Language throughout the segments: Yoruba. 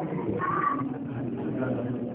Thank you.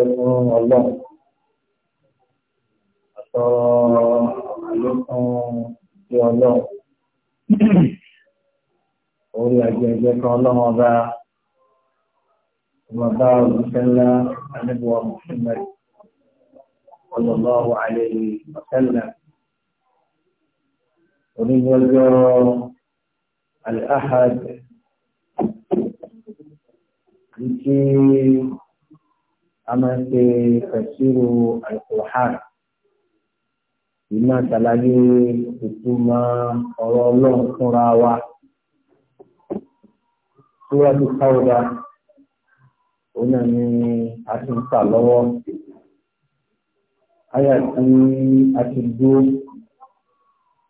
ọpẹ́ fún ọlọ́run àtọrọ àlékún sí ọlọ́run orí àjẹjẹ kan ọlọ́run ọba ọba olùfẹ́ ńlá anábíwá Muhammad sallallahu alayhi wa sallam onígbọ́jọ́ al-ahad Thank you a máa ń ṣe tẹ̀síro Al-Qur'an yìí máa ṣàlàyé ìtumọ̀ ọ̀rọ̀ ọlọ́run fúnra wa. Súrọ́dù Káwọ́dà òun náà ni a ti ń kà lọ́wọ́. Àyà tí a ti dúró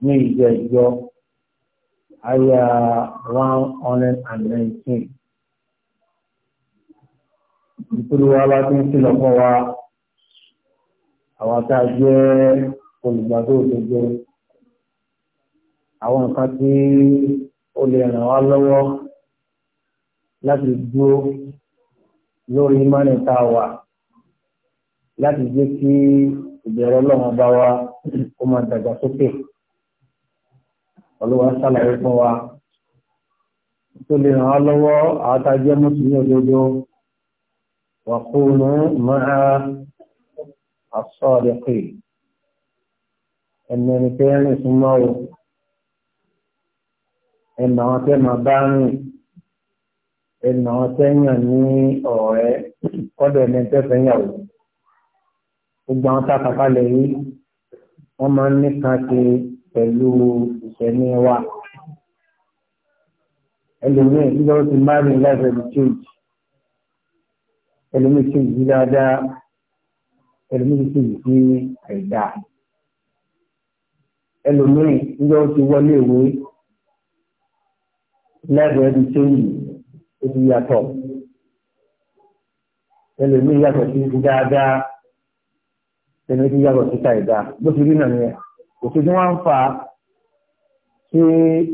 ní ìjọ ìjọ àyà one hundred and nineteen nítorí wa bá ti ń kìlọ̀ wa àwọn tá a jẹ́ olùgbàdo òdodo àwọn nǹkan tí ó lè ràn wá lọ́wọ́ láti dúró lórí ìmánì tá a wà láti jẹ́ kí ìbẹ̀rẹ̀ ọlọ́run bá wa kó máa dàgbà sókè olúwa ṣàlàyé fún wa tó lè ràn wá lọ́wọ́ àwọn tá a jẹ́ mùsùlùmí òdodo. وكونوا مع الصادقين ẹnìyàn tẹ́ rìn súnmọ́ o ẹnà àwọn tẹ́ máa bá rìn ẹnà àwọn tẹ́ yàn ní ọ̀rẹ́ kọ́dọ̀ ẹ̀mẹ́ tẹ́fẹ́ yàwó gbogbo àwọn tákàkà lè rí wọ́n máa ń nìkan ṣe pẹ̀lú ìṣẹ̀mí wa ẹlòmíì nígbà tó ti má rìn láìpẹ́ bí ẹlòmíì sì yí dáadáa ẹlòmíì sì yí sí àìdá ẹlòmíì níjọ́ ti wọlé ìwé lẹ́bẹ̀ẹ́ ibi tó yìí ó ti yàtọ̀ ẹlòmíì yàtọ̀ sí ti dáadáa ẹni tí yàtọ̀ sí àìdá bó ti rí nàní ẹ̀ òkè tí wọ́n ń fa ṣé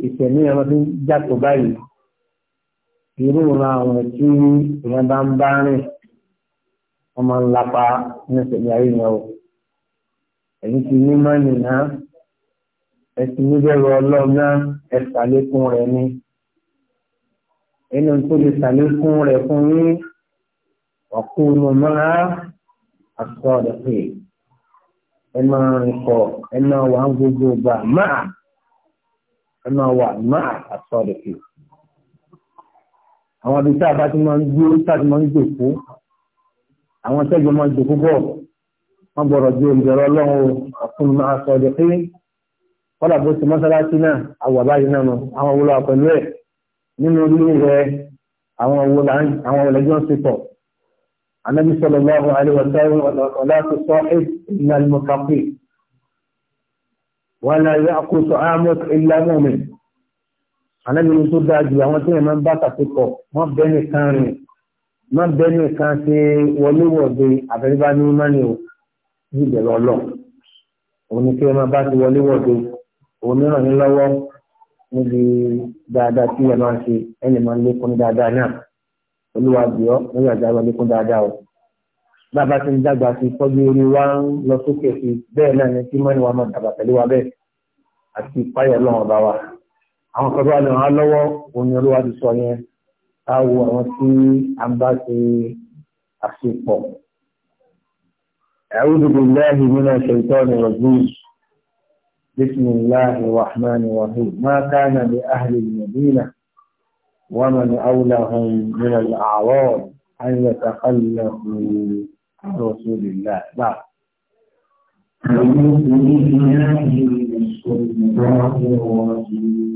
ìṣẹ̀lẹ̀ ẹ̀rọ tó yàtọ̀ báyìí irú ìran àwọn tí ìran bá ń bá rìn wọ́n máa ń lapa ní ìṣẹ̀lẹ̀ ayé yẹn o ẹ̀yin ti ní mọ́nì náà ẹ ti níbẹ̀rù ọlọ́run náà ẹ ṣàlékún rẹ̀ ni inú tó lè ṣàlékún rẹ̀ fún yín ọ̀kúnnù máa àṣọ ọ̀dọ̀ pé ẹ máa rìn pọ̀ ẹ máa wà ń gbogbo gbà máa ẹ máa wà máa àṣọ ọ̀dọ̀ pé àwọn ibi tí a bá ti máa ń gbé tí a ti máa ń gbè fún àwọn tẹ́jọ máa jò púpọ̀ wọ́n gbọ́dọ̀ ju olùbẹ̀rọ ọlọ́run ọ̀fun máa sọ ọdẹ pé kọ́dà bó ti mọ́sálásí náà àwọ̀ àbáyé náà àwọn owó lọ́wọ́ pẹ̀lú ẹ̀ nínú ilé rẹ̀ àwọn owó lẹ́jọ́ ń sepọ̀ anábì sọ̀rọ̀ lọ́wọ́ àríwọ̀sá ọ̀lá má bẹ́ẹ̀ nìkan ṣe wọléwọ̀de àfẹ́ríbá ní mánì o níbẹ̀rẹ̀ òun ni kí ẹ máa bá ti wọléwọ̀de òun náà ní lọ́wọ́ níbi dáadáa tí ẹ máa ń ṣe ẹ lè máa lékún dáadáa náà olúwa bìọ́ lórí àjà wa lékún dáadáa o bàbá ti ń dàgbà sí tọ́jú orí wa ń lọ sókè sí bẹ́ẹ̀ náà ni kí mọ́ni wa máa dàgbà pẹ̀lú wa bẹ́ẹ̀ àti ìpáyà lọ́wọ́ bá wa àwọn kan tó wà lọ́wọ́ òun ni olúwa ti sọ yẹn ká wo àwọn tí a ń bá ṣe àṣepọ̀. أعوذ بالله من الشيطان الرجيم بسم الله الرحمن الرحيم ما كان لأهل المدينة ومن أولهم من الأعراب أن يتخلفوا عن رسول الله بعد أعوذ بالله من الشيطان الرجيم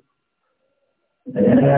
Yeah.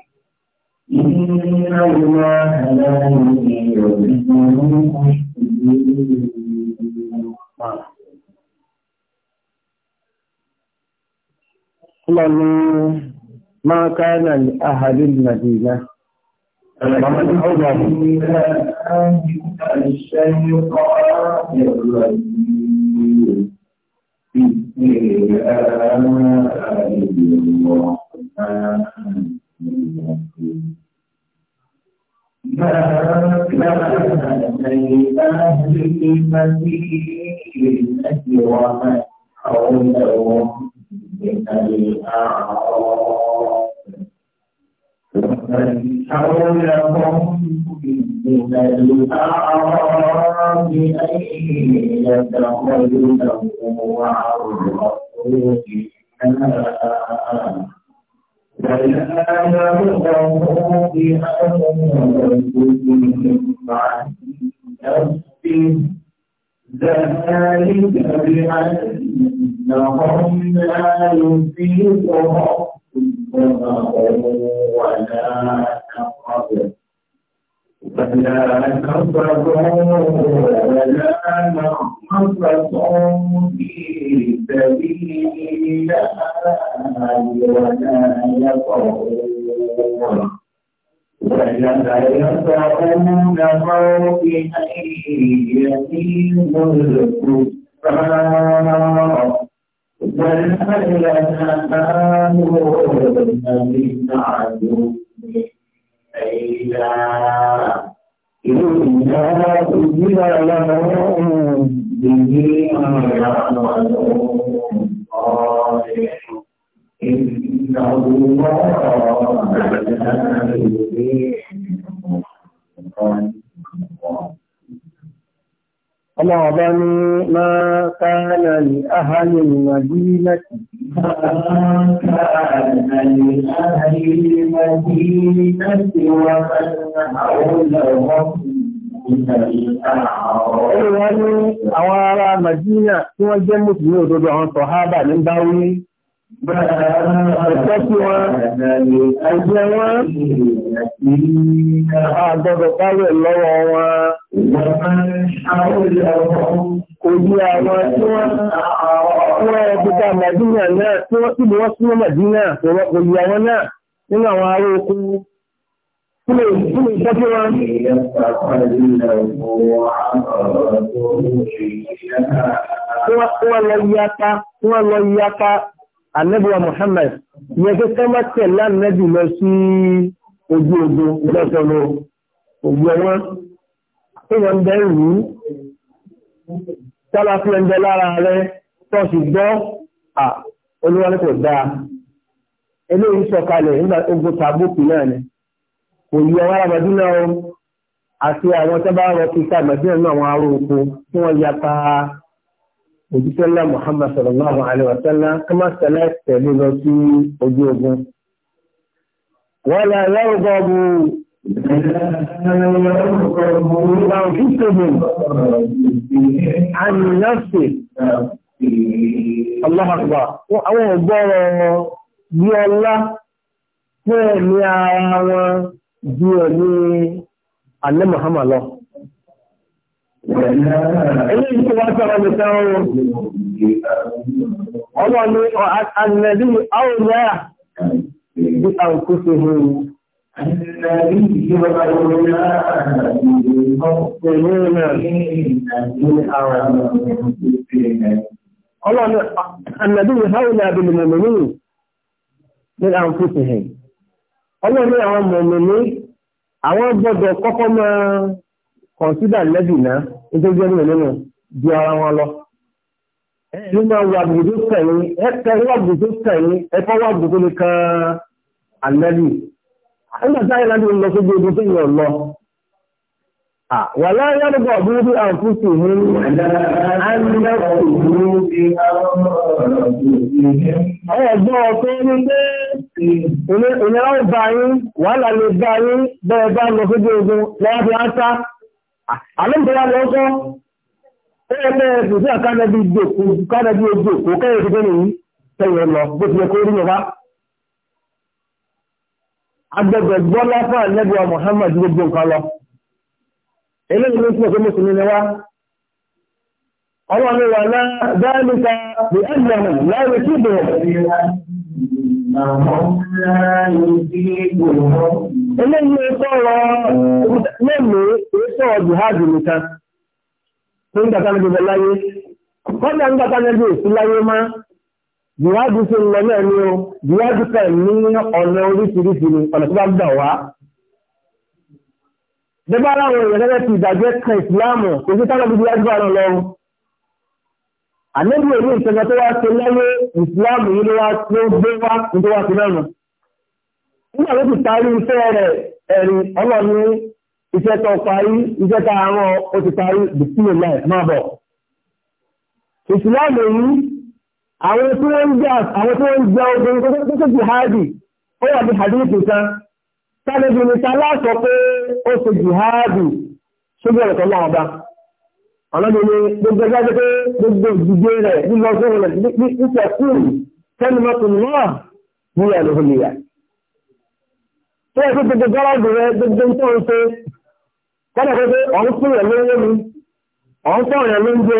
إن الله لا يضيع أجر المحسنين الله ما كان لأهل المدينة فمن عمر الشيطان الرجيم بسم الله الرحمن الرحيم ما كان لأهله مزيد أجر من حولهم من الأعراب ومن حولهم من الأعراب أن يتخلفوا عن رسول الله ذلك بأنهم لا يصيبهم ولا تقبل فلا تقربوا ولا تخرصوا في سبيل الله ولا يطعون ولا يطعون موطئا يمين الكفار ولا ينالون من عدو إنا أذن لهم به رحمة صالح إنه الله لا يضيع ọlọ́wọ́ bá ní máa káàlà ní àhàlì ìrìnàjò Olúwa ní àwọn ará Màdínà tí wọ́n jẹ́ Mùsùlùmí òdodo àwọn Sọ̀hábà ní Báwí. Ẹ̀tọ́ Ojú àwọn tí wọ́n ẹgbẹ́ta Màdínà náà tí wọ́n tí wọ́n súnmọ́ Màdínà pẹ̀lú àwọn náà nínú àwọn ará oko tí lè tọ́jú wọn. Wọ́n lọ yíyáta, wọ́n lọ Muhammad, yẹ kí tẹ̀lá lọ sí ojú ogun èèyàn bẹ́ rú tọ́lá fún ẹgbẹ́ lára rẹ tọ́sí gbọ́ à olúwa ní kò dáa eléyìí sọ̀kalẹ̀ nígbà ogun tàbókù náà ni kò yí ọwọ́ arábàdún náà o àti àwọn tó bá rọ kíkà mẹ́tẹ́ẹ̀ náà àwọn aró oko tí wọ́n ya pa òjíṣẹ́ Muhammad sallallahu alaihi wa sallam kí wọ́n tẹ̀lé lọ sí ojú ogun. wọ́n lè yọ̀rọ̀ وأنفسهم عن نفسه الله أكبر àwọn ọ̀gbọ́rọ̀ wọn bí ọlá fún ẹ̀mí ara wọn bí ẹ̀mí alẹ́ Muhammad lọ. Èyí tí wọ́n sọ̀rọ̀ mi tán النبي والأولاد المؤمنين بالأنفسهم الله النبي هؤلاء بالمؤمنين من أنفسهم الله ní àwọn mọ̀mìnì àwọn gbọ́dọ̀ kọ́kọ́ máa kọ̀nsídà lẹ́bì náà nítorí jẹ́ nínú nínú wà bùdó wà wà nígbàtá ìlànà lọ sójú ogun tó yọ lọ wà láyé lọ́gbọ̀ búrúdú àǹfúsù ní ẹgbọ́n ọ̀tọ́ ní pé ìnira ó bá yín wàhálà lè bá yín bẹ́ẹ̀ bá lọ sójú ogun lọ́wọ́ fi áńsá àlébìnrin lọ́kọ́ ẹgbẹ́ ẹ̀sùn sí àkánẹ́bí ìjòkó kẹ́yẹ̀ tó tẹ́lẹ̀ yìí tẹ́yẹ̀ lọ bó ti yẹ kó rí yẹn agbẹ́gbẹ́ gbọ́ lápá lẹ́gbẹ̀ẹ́ Muhammad gbogbo nǹkan lọ eléyìí ló ń wá ọlọ́run wà náà bí ẹgbẹ̀rún tí eléyìí jihadu ṣe ń lọ náà ni o jihadu kan ní ọ̀nà oríṣiríṣi ni ọ̀nà tó bá gbà wá. Bébà láwọn èèyàn gẹ́gẹ́ ti ìdàgbẹ́ kan ìsìláàmù kò sí táwọn ibi jihadu bá lọ lọ́wọ́. Àlébù èmi ìṣẹ̀gbẹ́ tó wá ṣe lẹ́yẹ ìsìláàmù yìí ló wá tó gbé wá ní tó wá ṣe lọ́nà. Nígbà tó ti parí iṣẹ́ rẹ̀ ẹ̀rì ọlọ́ni iṣẹ́ tó parí iṣẹ́ tá a rán ó ti parí bìsílẹ̀ láì máa bọ̀. Ìsìláàmù yìí àwọn tí wọ́n ń jà àwọn tí wọ́n ń jà obìnrin tó tó jihadi ó wà ní hadith kan tálẹ́bí ni tálá sọ pé ó ṣe jihadi ṣógbọ́n ọ̀tọ̀ náà ọba ọlọ́dún ni gbogbo ẹgbẹ́ pé gbogbo ìdíje rẹ̀ lílọ sóhun rẹ̀ nípa kúrù tẹ́lú mọ́tún náà ní ẹ̀lú ìyá tó yẹ kó gbogbo gáràjì rẹ gbogbo tó ń ṣe kọ́nà pé ọ̀hún fún rẹ̀ lóyún mi ọ̀hún fún rẹ̀ lóúnjẹ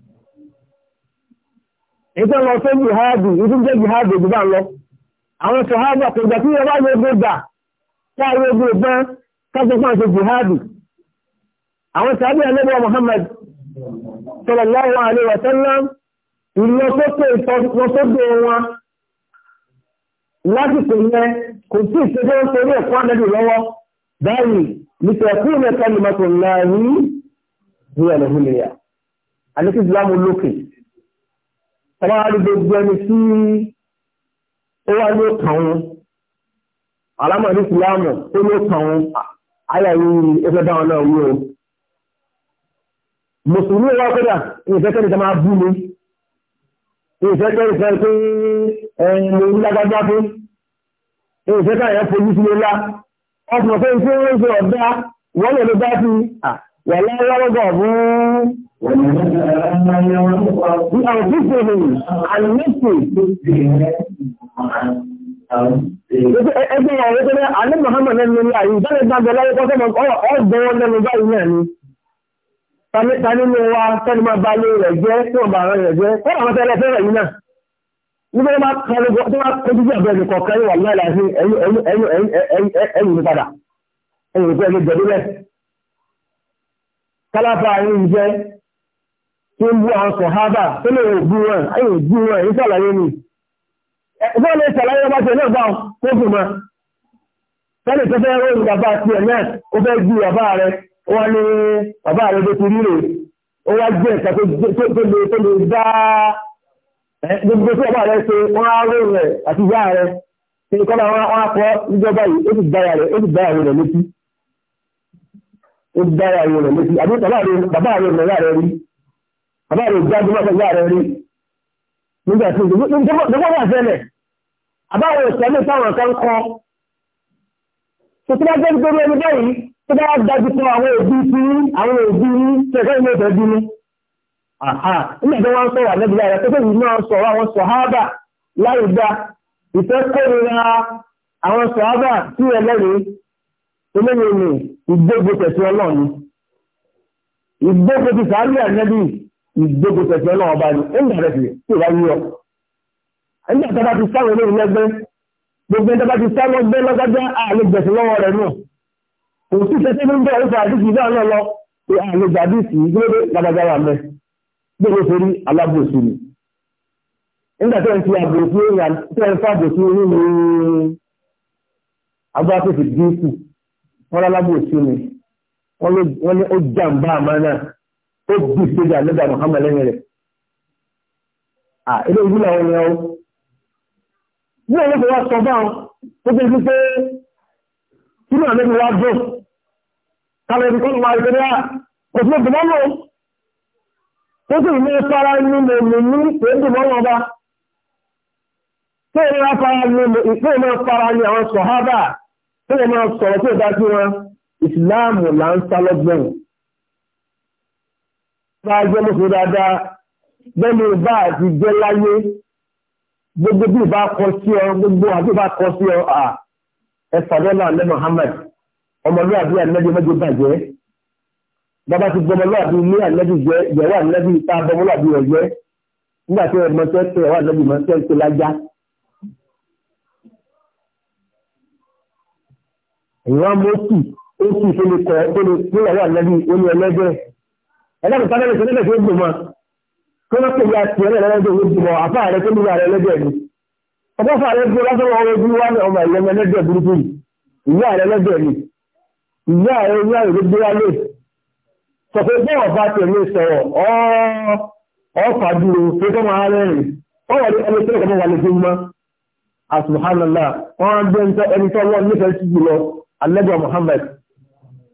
ìpẹ́ lọ tó jihadi ìdí jẹ́ jihadi ìdí bá lọ àwọn sọ̀hábà kò gbà tí wọ́n bá yóò gbégbà káàrí ogun ìbọn kájọpọ̀ àti jihadi àwọn sàábì alẹ́bọ̀ Muhammad sallallahu alaihi wa sallam ìlọsókè ìtọ́sókè wọn lásìkò yẹn kò tí ìṣẹ́jọ́ ń torí ẹ̀kọ́ àdẹ́dù lọ́wọ́ wọ́n á rí gbogbo ẹni tí ó wá ní kàn wọn alámọ̀ ní ìsìlámù tó ní kàn wọn ayàwó ẹgbẹ́ dáwọn náà wú o mùsùlùmí wọ́n kọ́dà ìfẹ́kẹ́ nìkan máa bú mi ìfẹ́kẹ́ ìfẹ́ pé ẹ̀yìn lè lágbájá pé ìfẹ́kẹ́ àyẹ̀ fojú sí ọ̀dá wọ́n lè wọ̀lá yọ́rọ̀gọ̀ fún ọ̀fífèrè alẹ́sì ẹgbẹ́ ọ̀rọ̀ tó rẹ̀ alẹ́ Muhammad ẹni ní àyè ìjọ́lẹ̀ gbàgbẹ̀ láyé kọ́ sọ́mọ̀ ọgbọ̀n lẹ́nu báyìí náà ni tani ní wa tẹ́lẹ̀ máa bá lé rẹ̀ jẹ́ tí wọ́n bá rẹ̀ rẹ̀ jẹ́ kọ́ àwọn tẹ́lẹ̀ fẹ́rẹ̀ yìí náà nígbà máa kọlu tó máa kojú bí àbẹ̀rẹ̀ kọ̀ọ̀kan yìí wà láìláì sí ẹ̀yìn ìpadà ẹ̀yìn ìpẹ́ ẹ̀yìn jẹ̀dúrẹ́ kálápà yìí jẹ́ tí ń bú àwọn sọ̀hábà tó lè ògbú wọn ayò ògbú wọn èyí sàlàyé ni ẹgbẹ́ lè sàlàyé ọba tẹ̀ náà bá fún ma tẹ́lẹ̀ tó fẹ́ bàbá tiẹ̀ náà ó fẹ́ ju bàbá rẹ ó ní bàbá rẹ tó ti rí ó wá jẹ́ ẹ̀ka tó lè tó lè dá gbogbo tí bàbá rẹ ṣe wọ́n á ròyìn rẹ̀ àti ìyá rẹ̀ kí ni kọ́ ó dára ayé rẹ̀ létí àbí bàbá rẹ̀ ọ̀nà rẹ̀ rí bàbá rẹ̀ jáde mọ́tò ìyá rẹ̀ rí nígbà tí ìjọba wà sẹ́lẹ̀ àbáwọn ìṣẹ́lẹ̀ táwọn kan kọ́ tuntun bá nítorí ẹni báyìí tó bá dájú fún àwọn òbí tí àwọn òbí ilé ìfẹ́ bínú. nígbà àwọn àwọn ìgbógun tẹ̀sí ọlọ́run ni ìgbógun ti sàárì ànẹ́bí ìgbógun tẹ̀sí ọlọ́run ọba ni ó ń bẹ̀rẹ̀ sí tí ìwà yíyọ. ẹni àtàbà ti sáwọn olórí lẹ́gbẹ́ gbogbo ìjọba ti sáwọn ọgbẹ́ lọ́gbàjá àlè gbẹ̀sẹ̀ lọ́wọ́ rẹ̀ náà kò sí tẹ́tẹ́ ní bẹ́ẹ̀ ìfọ̀ àdìsí ìdá náà lọ pé àlè gbàdìsí ìgbélé lágbàjá wà mẹ́ gbogbo torí alábòsí ni. nígbà tẹ́ ń fi àbòsí èèyàn tẹ́ ń fàbòsí nínú agbáfẹ́fẹ́ dínkù wọ́n lálábò sí ni wọ́n ní ó jàǹbá àmánà ó bí ìṣèjà lọ́dà Muhammad lẹ́yìn rẹ̀ à ilé ìlú làwọn ènìyàn ó ní ọ̀rọ̀ kò wá sọ báwọn ó ti rí pé inú àmì ti wá dùn kálọ̀ ìdíkọ́ ìwà ìgbéra òfin ìgbìmọ̀ lò ó sì ní sára ní mo lè ní ìgbìmọ̀ wọn bá tó ìrora fara ní ìpínlẹ̀ fara ní àwọn sọ̀hábà tó wọ́n máa sọ̀rọ̀ tó dá sí wọn ìsìláàmù là ń sá lọ́gbọ̀n bá a jẹ́ mọ́sùn dáadáa bẹ́ẹ̀ni bá a ti jẹ́ láyé gbogbo bí ìbá kọ sí ọ gbogbo àti ìbá kọ sí ọ à ẹ fàdọ́là alẹ́ Muhammad ọmọlúwàbí ànẹ́bí mẹ́jọ bàjẹ́ bàbá ti gbọmọ lọ́àbí ní ànẹ́bí jẹ́ ìyàwó ànẹ́bí ta bọmọlúwàbí rẹ̀ jẹ́ nígbà tí ẹ mọ̀ tẹ́ tẹ́ ìyàwó ànẹ́bí mọ̀ tẹ́ lájá ìwọ́n mọ́tì ó sì tó lè kọ́ tó lè tó lọ́wọ́ àlẹ́bí oní ẹlẹ́gbẹ́ ẹlẹ́gbẹ́ pátẹ́lẹ̀ tó lẹ́gbẹ́ tó gbò mọ́ tó lọ́ pè ya tiẹ̀ lẹ́gbẹ́ tó gbò mọ́ àfa rẹ tó lè wà rẹ lẹ́gbẹ́ mi ọba fa rẹ gbé lọ́sọ̀rọ̀ ọwọ́ ojú wa ọmọ ìyẹn ẹlẹ́gbẹ́ burúkú ìyá rẹ lẹ́gbẹ́ mi ìyá rẹ ìyá rẹ ló gbé wa lé sọ̀tọ̀ pé ọba tẹ̀lé sọ̀rọ̀ ọ́ fàdúró pé kọ́ máa rẹ́rìn ọ́ wà ní ẹni tó lọ́kọ̀ mọ́ wà lójú mọ́ àsùnhánàlá wọ́n á gbé ẹni tó wọ́n nífẹ̀ẹ́ sí jùlọ alẹ́gbà Muhammad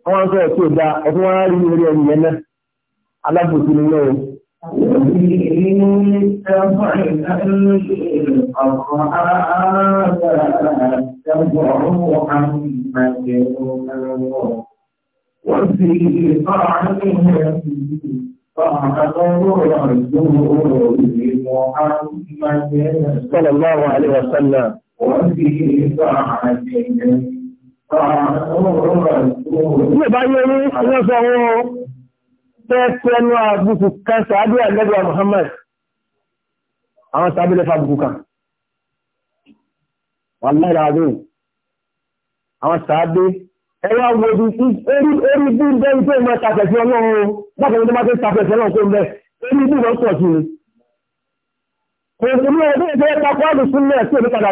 wọ́n ń sọ̀rọ̀ tí ó dá ọdún wọn rí orí ẹni yẹn náà alábòsí ni náà Wọ́n sì fọ́nà ní ẹ̀sìn صلى الله عليه وسلم وفي طاعة النبي Ilé ìbáyé ní ọjọ́ sọ wọn tẹ́ẹ̀tẹ́ ẹnu àbùkù kan sàájú àlẹ́gbà Muhammad. Àwọn sàájú lẹ́fà àbùkù kan. Wà láìra àdúrù. Àwọn sàájú ẹwà wo bí orí bí bẹ́ẹ̀ tó mọ́ tàfẹ̀sí ọlọ́run bákan tó bá tó tàfẹ̀sí ọlọ́run tó ń bẹ́ orí bí wọ́n pọ̀ sí ni. Kò sí ní ọdún ìfẹ́ takọ́ àdùsúnlẹ̀ sí òní padà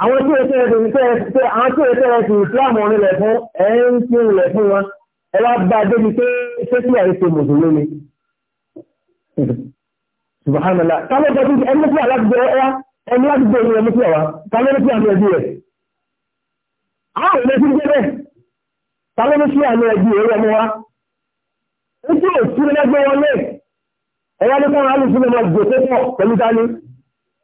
àwọn tí ó tẹ́rẹ ti tẹ́ àwọn tí ó tẹ́rẹ ti islam onílẹ̀ fún ẹ̀yìn tí ó lẹ̀ fún wọn ẹ wá bá a débi pé ṣé kí àyè ṣe mùsùlùmí subhanallah kálọ̀ tó ti ẹni tí alágbé ẹ̀yà ẹni láti gbé ẹni tí ọ̀wá kálọ̀ tí àmì ẹbí rẹ̀ àwọn ìlú ti gbé bẹ́ẹ̀ kálọ̀ tí àmì ẹbí rẹ̀ ọmọ wa ó tí ò sí lẹ́gbẹ́ wọn lé ẹ̀yà ní káwọn alùsùn lè máa gbèsè pọ̀ pẹ̀lú dání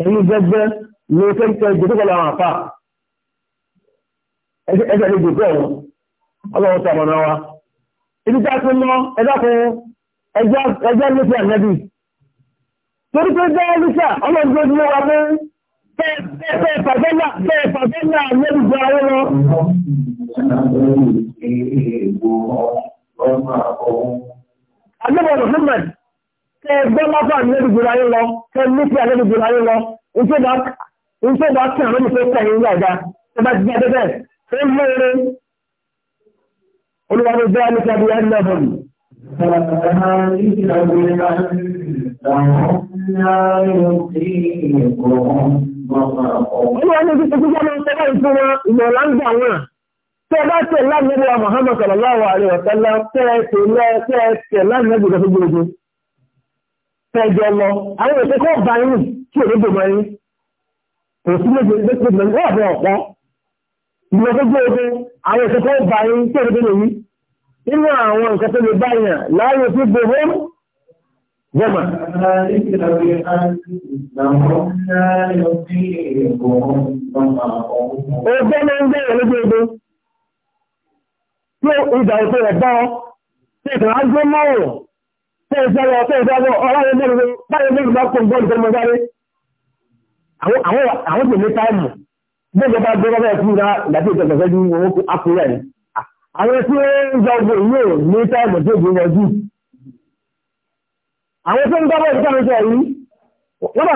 ẹ̀yìn gbẹ́gbẹ́ ló fẹ́ tẹ ìjọba pẹ̀lú àwọn àfà ẹgbẹ́ ní ìjọba ọ̀hún ọlọ́run sàmọ̀nà wa ibi tá a ti mọ ẹ̀dá fún ẹjọ́ lóṣù ànẹ́bí torí pé jẹ́ lóṣà ọlọ́run tó dúró wa fún fẹ́ẹ̀ fàgẹ́là fẹ́ẹ̀ fàgẹ́là ànẹ́bí jọ àwọn lọ. Agbẹ́bọ̀ Muhammad kẹ gbọ́ lápá àdínẹ́dùgbò láyé lọ kẹ lókè àdínẹ́dùgbò láyé lọ iṣẹ́ bá kí àwọn olùfẹ́ kẹ̀yìn ní ọ̀gá tó bá ti jẹ́ bẹ́ẹ̀ tó ń mú eré olùwà ló jẹ́ alùpàá ní ìdíje gbígbọ́ Tẹ́ bá tẹ̀ láàrin ẹgbẹ́ Muhammad sallallahu alaihi tẹ́ tẹ̀ láàrin ẹgbẹ́ tẹ́jọ lọ àwọn èsì kọ́ bá yìí tí ò ní gbogbo ẹni kò sí méje méje méje wà fún ọ̀pọ̀ ìwọ̀n tó gbé àwọn èsì kọ́ bá yìí tí ò ní gbogbo nínú àwọn nǹkan tó lè láàyè gbogbo Ọjọ́ ń bẹ̀rẹ̀ Tí tí tẹ́ ìfẹ́lọ tẹ́ ìfẹ́lọ ọ̀rọ̀ mẹ́rin báyìí mẹ́rin bá kó bọ́ọ̀lù tẹ́lẹ̀ mọ́sáré àwọn tèmi táìmù bóyá bá gbé bábẹ́ fún ra ìdàtí ìtẹ̀tẹ̀fẹ́ ju owó akúrẹ́ ni àwọn tí ó ń gba ogun ìlú ò ní táìmù tó gbé wọn jù àwọn tó ń gbá bọ́ọ̀lù táwọn sọ yìí wọ́n bá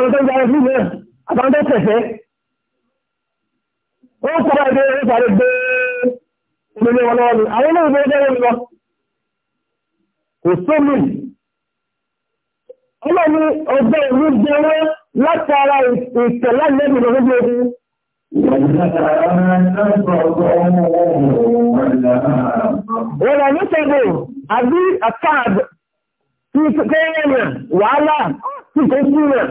àwọn tó ń ọlọ́ni ọjọ́ ìlú jẹrẹ látara ìtẹ̀lá lẹ́nu lórí lórí. Wọ̀nà ní ṣẹ́gbẹ̀ àbí àkáàbù tí kẹ́yẹ̀ rẹ̀ wàhálà tí kò sí rẹ̀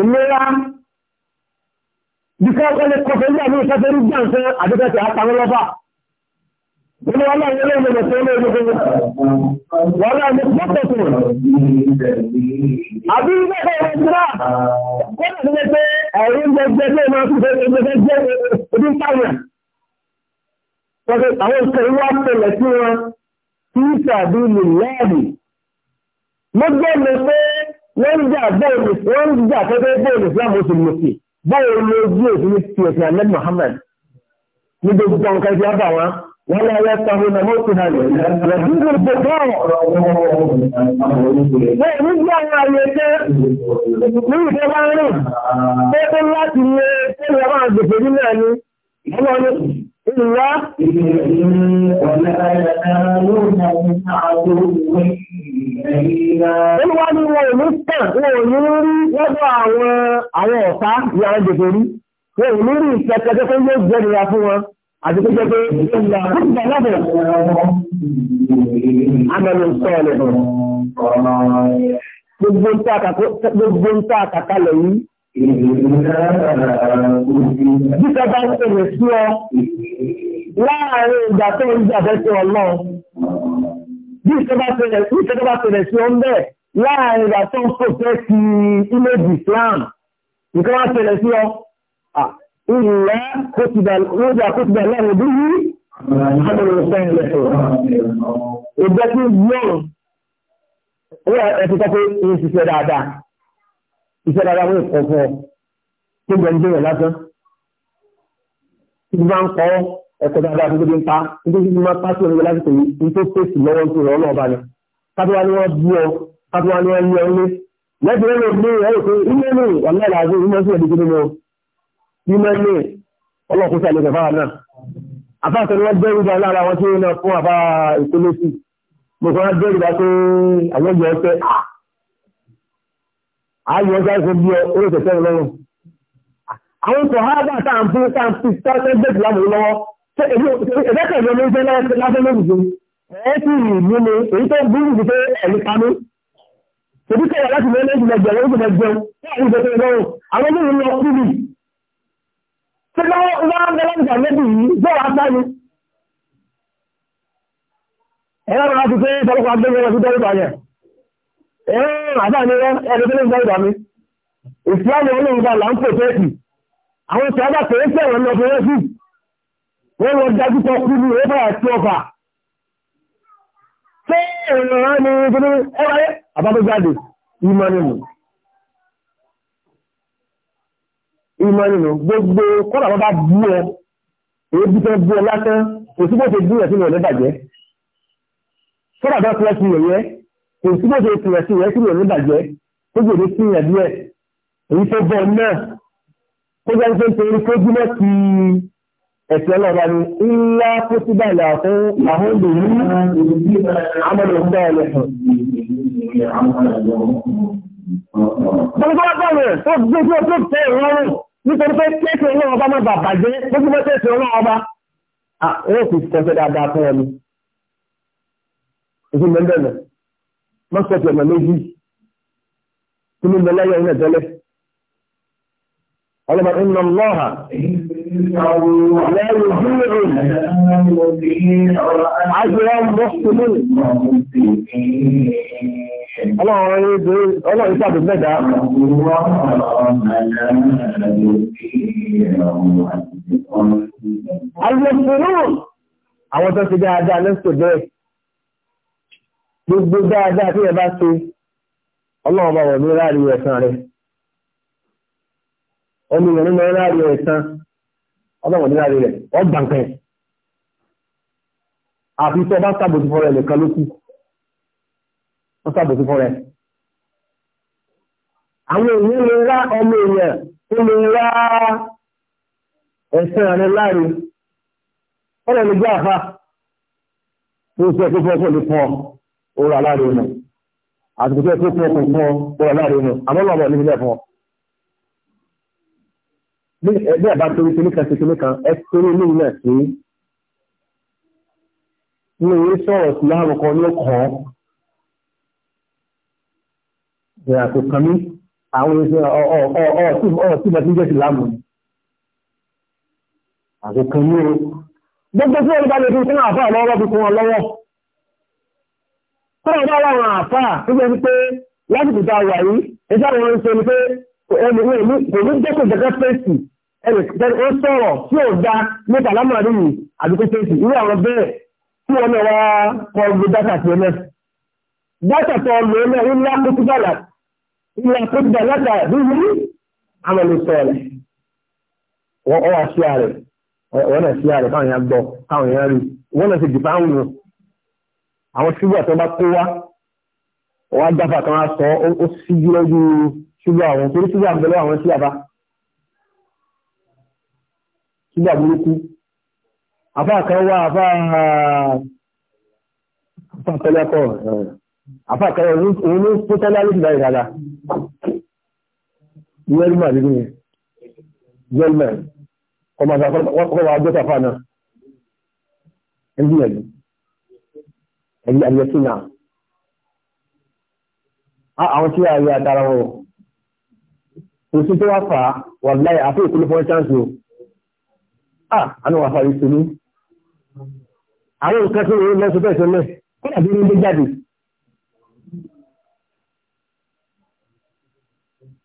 ìlera bí kọ́kọ́ lè kọfẹ́ ní àmì ìfẹ́fẹ́ rí jàǹfẹ́ àdúgbẹ́sẹ̀ àtàwọ́lọ́fà. Wọ́n ni wọ́n láwọn Àbí ilé ẹ̀kọ́ ìwọ̀n ìjọba, kọ́nà tó pé ẹ̀rí ń gbẹgbẹ́ tó máa fi fẹ́ gbẹgbẹ́ jẹ́ ojú táwọn. Tọ́kẹ́ àwọn ìkẹ́ ìwọ́ pẹ̀lẹ̀ tí wọn tí ìsàbí lè lẹ́ẹ̀dì. Mo gbọ́ mi pé wọ́n ń jà bọ́ọ̀lù wọ́n ń jà pẹ́pẹ́ bọ́ọ̀lù fún àwọn òṣèlú bọ́ọ̀lù ojú òṣèlú ti ẹ̀sìn Ahmed Muhammad ní gbogbo nǹkan ti á bà wọn. ولا يستهون موتها يزيد البقاء ومن جاء عليك من جماله فقل لا تنسل وما الزفرين يعني إلا ولا ينالون من عدو Olúwa ni wọn ò ní tẹ̀ wọn ò ní rí lọ́dọ̀ àwọn ọ̀tá ìyàwó jẹ̀fẹ̀rí, wọn ò ní rí ìṣẹ̀kẹ̀kẹ́ tó yóò jẹ́ ìrà fún wọn àti pé jẹ́pẹ́ ìgbà àgbà lábẹ̀ àmàlù sọ́ọ̀lẹ̀ gbogbo ń tà àkàkalẹ̀ yìí Jíta bá ń pèrè sí ọ láàárín ìgbà tó ń jà fẹ́sẹ̀ ọlọ́run. Jíta bá pèrè sí ọ ń bẹ̀ láàárín ìgbà tó ń pòfẹ́ sí ilé ìsìláàmù. Ìkọ́ bá pèrè sí ọ. إلا كتب وضع كتب الله به عمل الصالح ìgbẹ́kí yóò wọ́n ẹ̀fí tọ́pẹ́ ní ṣiṣẹ́ dáadáa iṣẹ́ dáadáa wọ́n ìkọ̀ọ̀kọ̀ tó gbẹ̀ǹdé rẹ̀ lásán tí bá ń kọ́ ẹ̀kọ́ dáadáa tó gbé ń pa nítorí tí máa pàṣẹ òun lásìkò yìí ní tó pèsè lọ́wọ́ tó rọ̀ ọlọ́ọ̀bá ni kátówá ni wọ́n bú ọ kátówá ni wọ́n lé ọ lé lẹ́gbẹ̀ẹ́ lè ní ẹ̀rọ pé ilé ní wàlẹ́ àlàáfíà ìmọ̀ sí ẹ̀dínkù nínú mímọ́ ní ọlọ́kùn sàlẹ̀ ìfẹ́fà náà àfáàsẹ̀ ni wọ́n bẹ́rù bá lára wọn tí ó náà fún àfá ìpínlẹ̀ sí mo kọ́ wọ́n bẹ́rù bá pé àwọn ìyọ̀ ọ̀fẹ́ ààyè ọjà ìfún bí olóòtẹ̀sẹ̀ lọ́wọ́ àwọn ikọ̀ hábà tá à ń fún tá à ń fi tọ́tẹ́ bẹ́ẹ̀tì lámù lọ́wọ́ ẹ̀dẹ́kẹ̀ ló ń fẹ́ lásán lóògùn ẹ̀ sì rì mú mi èyí tó burú jù pé ẹ̀mí pa mí tòbí kẹwàá láti mẹ́lẹ́jì lẹ́gbẹ̀rún ó sì lọ jẹun tí bá wọ́n gbẹ́lẹ́gbà lẹ́bì yìí bó wà bá ní ẹ̀rọ máa ti pé tọ́lọ́pàá gbẹ́gbẹ́ lọ sí dọ́rùbà yẹn ẹ̀rọ àbá ní ẹni tó lè dọ́rùbà mi ìsìláàmù olóògbà là ń pè tẹ́ẹ̀kì àwọn ìsìláàmù pé ń fẹ̀rẹ̀ lọ fẹ́rẹ́ sí wọ́n lọ dájú ìmọ̀ nínú gbogbo kọ́nà wọn bá bú ọ èébú tó bú ọ lásán kò sí bó ṣe bú ẹ̀sìn rẹ̀ níbàjẹ́ kọ́nà bá tilẹ̀ sí yẹ̀yẹ́ kò sí bó ṣe tilẹ̀ sí yẹ̀yẹ́ sí rẹ̀ níbàjẹ́ tó gbèrè sí yẹ̀ díẹ̀ èyí tó bọ̀ náà tó jẹ́ pé nítorí tó jùlọ ti ẹ̀sìn ọlọ́ọ̀bá ni ńlá tó ti bàlẹ̀ àfún àwọn obìnrin amọ̀lọ́gbà ẹlẹ́sìn. Gbogbo ọgbà rẹ̀ tó gbé nítorí pé kéèkì ọlọ́run ọba má bàbà jẹ́ lójú mọ́ kéèkì ọlọ́run ọba ó sì kọjá dáadáa fún ọ ni èyí ló ń bẹ̀rẹ̀ má sọ ọ̀nà méjì kí ló ń bẹ lẹ́yìn ọ̀nà tẹ́lẹ̀ ọlọ́mọ iná lọ́ha lẹ́yìn ojú ìrìn àjọ mọ́sùlùmí. Ọlọ́run ẹgbẹ́ ọlọ́run ìpàdé mẹ́ta. Àlùfòrún àwọn tó ti dáadáa lẹ́sọ̀ bẹ́ẹ̀. Gbogbo dáadáa tí ẹ bá ṣe, ọlọ́run bá wọ̀ ní láàrin ẹ̀san rẹ̀. Ọmọ ìrìn mọ́ láàrin ẹ̀san, ọlọ́run ní láàrin rẹ̀, ọgbàǹkẹ́. Àfi tó bá sábòtú fọ́rẹ̀ nìkan ló kù wọ́n sábòsí fún rẹ̀. Àwọn èèyàn lè rá ọmọ èèyàn tó lè rá ẹ̀sìn rẹ̀ láàrin. Wọ́n lè gbé àfá tó sọ pé fún ọkọ̀ lè pọ̀ orí aláàrin nù. Àtìkù tó sọ pé ọkọ̀ pọ̀ orí aláàrin nù. Àmọ́ lọ́wọ́ ní ilé fún ọ. Bí ẹgbẹ́ àbá torí kíní kan sí kíní kan, ẹ torí ní ilé sí. Mi ò sọ̀rọ̀ sí láàrùn kan ní ọkọ̀ ìràkò kan mí àwọn ẹ̀sẹ̀ ọ̀ọ̀tí bá ti jẹ́ ìsìlámù àkò kan mí o gbogbo tí wọ́n bá lè fi kún àfà lọ́wọ́ fi kún wọn lọ́wọ́ tọ́rọ bá láwọn àfà tó jẹ́ pé lásìkò tá a wà yìí ẹjọ́ àwọn ń sọ ni pé kò ní jẹ́ kò jẹ́kẹ́ fèsì ẹnì ó sọ̀rọ̀ tí ò da nípa lámàrí yìí àdúgbò fèsì irú àwọn bẹ́ẹ̀ tí wọ́n náà wá kọ́ gbé dátà sí ẹlẹ́sì dátà tó lò ó náà ń lá kó ilẹ̀ tó dẹ̀ lọ́dà dúró àwọn olùsọ rẹ̀ wọ́n wá sí ààrẹ wọ́n náà sí ààrẹ káwọn èèyàn gbọ́ káwọn èèyàn rí wọ́n náà ti dìbò àwọn èèyàn àwọn ṣúgbà tó bá kó wá wọ́n á dáfà kan á sọ ó síjú lójú ṣúgbà àwọn torí ṣúgbà ń bẹ àwọn sí àbá ṣúgbà burúkú àbá kan wá àbá àpapẹ̀lẹ́kọ̀ọ́ apa àfàkẹ́rẹ́ òun ló pọ́tálárì ìgbà ìrara yẹ́lmà nínú yẹn yẹ́lmà ọmọ àgbẹ̀kọ́wà agbẹ́ta fáànà ẹgbẹ́ ẹ̀lú ẹgbẹ́ àyẹ̀sí náà àwọn tí a yẹ àtàrà wọn kò sí tó wá fà á wà láì àfẹ́ ìkúlù fún ṣáǹsì o ah àánú wà fà ìṣòlú àwọn nǹkan tí wọ́n lọ́sọ̀tọ̀ ìṣòlẹ̀ kí àbí ní ilé jáde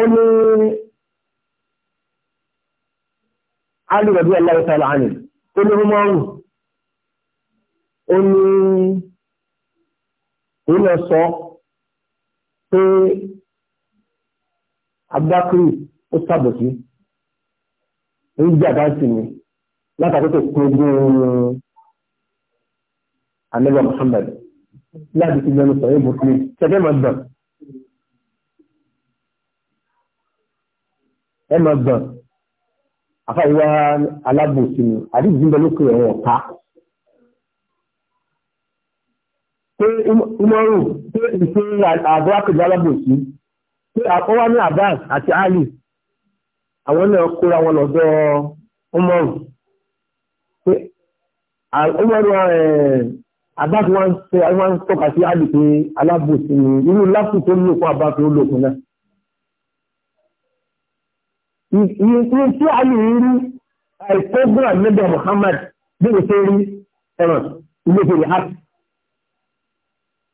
ó ní alùpàdé aláìsàlá àná ó ní rúmọ́rùn ó ní òun lọ sọ pé abdákùrù ó sàbòsí ń jà bá sì ní látàkó tó kúrò ànábì Muhammad láti fi lẹ́nu sọ̀rọ̀ ìbùkún ṣẹ̀dẹ̀ mọ̀ dàn ẹ máa gbọ̀n àfàìwá alábòsí ni àdìsí ń bẹ lókè ẹ̀wọ̀n ọ̀tá pé umaru pé ìṣe àbúrákèjì alábòsí pé àkọwá ní abbas àti ali àwọn náà kóra wọn lọ́dọ̀ umaru pé umaru abbas wọn ń tọ́ka sí ali pé alábòsí ni inú lásìkò ló fún abbas ó lò náà ìyẹn tí a lè rí àìkógbà níbẹ̀ Muhammad bí o ṣe rí ẹ̀rọ ilé ìfèrè hàp.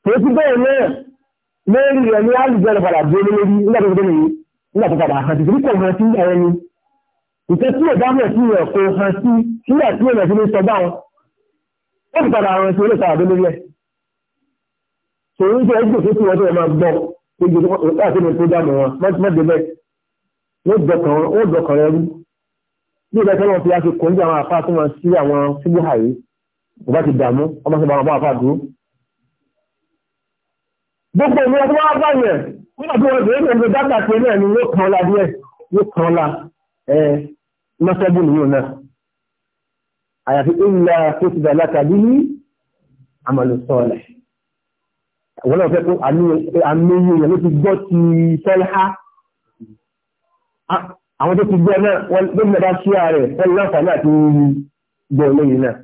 Kò sí bẹ́ẹ̀ náà lórí rẹ̀ ní àlùjọ́rẹ̀ padà dé lórí nígbà tó dé nìyí nígbà tó padà hàn sí kò hàn sí ẹ̀rọ ni. Ìtẹ́ tí ò dáhùn sí rẹ̀ kò hàn sí nígbà tí ò lọ́sí lórí ẹ̀. Sòrí ń jẹ́ ẹgbẹ́ òṣèlú wọn tó yẹ máa gbọ́ ojú ó dọkàn rẹ rú bí ìgbà tí wọn fi aṣọ kò ń jẹ àwọn àfa tó máa sí àwọn síbí àyè ọba ti dààmú ọba ti bàbá àfa dúró. gbogbo ìlú ọdún wa bá yẹn nígbà tí wọn bèèrè ní ọdún dábàá pé náà ni yóò kàn la díẹ̀ yóò kàn la ẹ Ah, àwọn tó ti gbọ́ náà wọ́n lè bá ṣí ààrẹ wọ́n láǹfààní àti gbọ́ lẹ́yìn náà.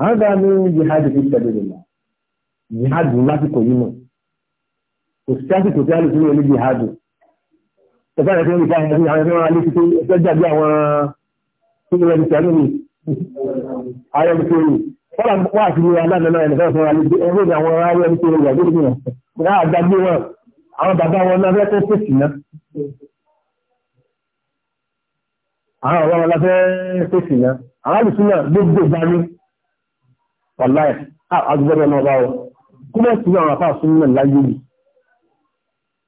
àwọn dáa ní jihad fi tẹ̀lé rẹ̀ lọ jihad lásìkò yìí mọ̀ kò sí àsìkò tí a lè fi wọlé jihad ẹ̀ka rẹ̀ fi ń ká ẹ̀rí àwọn ẹ̀fẹ́ wọn alẹ́ títí ẹ̀fẹ́ jàbí àwọn tí wọ́n ti tẹ̀lé mi ayé mi tó yìí wọ́n là wá àti ìlú aláàbẹ̀ náà ẹ̀fẹ́ fún alẹ́ tí ẹ̀fẹ́ ìgbà wọn ayé mi tó yìí wà lórí mi wọn àgbàgbé wọn àwọn bàbá wọn náà fẹ́ tó fèsì náà àwọn ọ̀rọ̀ wọn láfẹ́ pèsè náà àwọn àlùsùn náà gbogbo ìgbà ní ọ̀láì agbẹ́rẹ́ náà bá wọ kó mọ̀ sí àwọn afá àsùn náà láyé yìí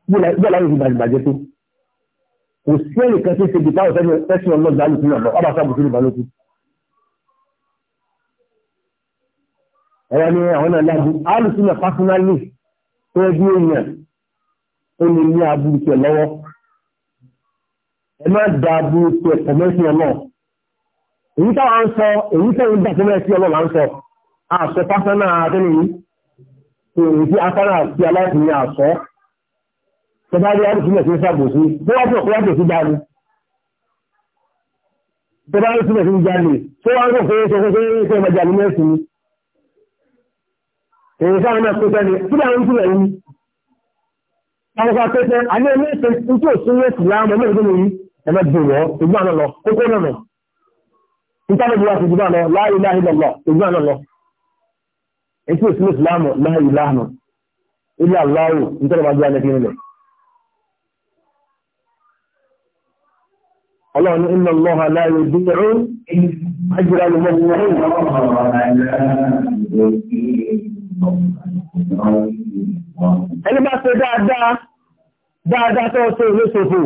bí ọ̀láì fi bàjẹ́ tó kò sí ẹ̀rì kan tó ṣe bí táwọn tẹ́sán ọlọ́gbà àlùsùn náà lọ ọba sábùkú ní balóku ẹ̀rọ ni àwọn náà lágbo àlùsùn náà pásínálì tó ẹgbẹ́ èèyàn ó lè ní abúrúkẹ lọ́wọ́ ẹ má da bú ti ẹ̀kọ́ mẹ́sí ọlọ́ èyí táwa ń sọ èyí tẹ̀yìn dàtí mẹ́sí ọlọ́ là ń sọ àṣọ pásánà àtẹ́lẹ̀ yìí èyí tí asánà àti aláìsí ni àṣọ tọ́ba rí àdùsí mẹ́sí ń ṣàbòsí bí wọ́n tó kọ́ àdùsí dá ní tọ́ba rí sílẹ̀ sí ń jalè tó wá ń rò pé ṣe ṣe ṣe ọmọ jalè mẹ́sí ni èyí sáwọn náà pé sẹ́ni kí ni àwọn ń sílẹ̀ yìí Àwọn akẹ́kẹ́ alẹ́ ẹ̀mẹ́sẹ̀ tí ó sún sí láàmú ọmọ ìgbìmọ̀ yìí ẹmẹ́ gbòòrò ojú àná lọ kókó náà ìtàlẹ́bí wá ti jù bá lọ la ilaha illallah ojú àná lọ ètí òsínú ìsìláàmù la ilaha nù ilé aláwò nítorí wájú alẹ́ kí nílẹ̀ Allah ni inna Allaha la yudi'u ajra al-mu'minin ẹni bá ṣe dáadáa dáadáa tó ṣe ìlú ṣòfò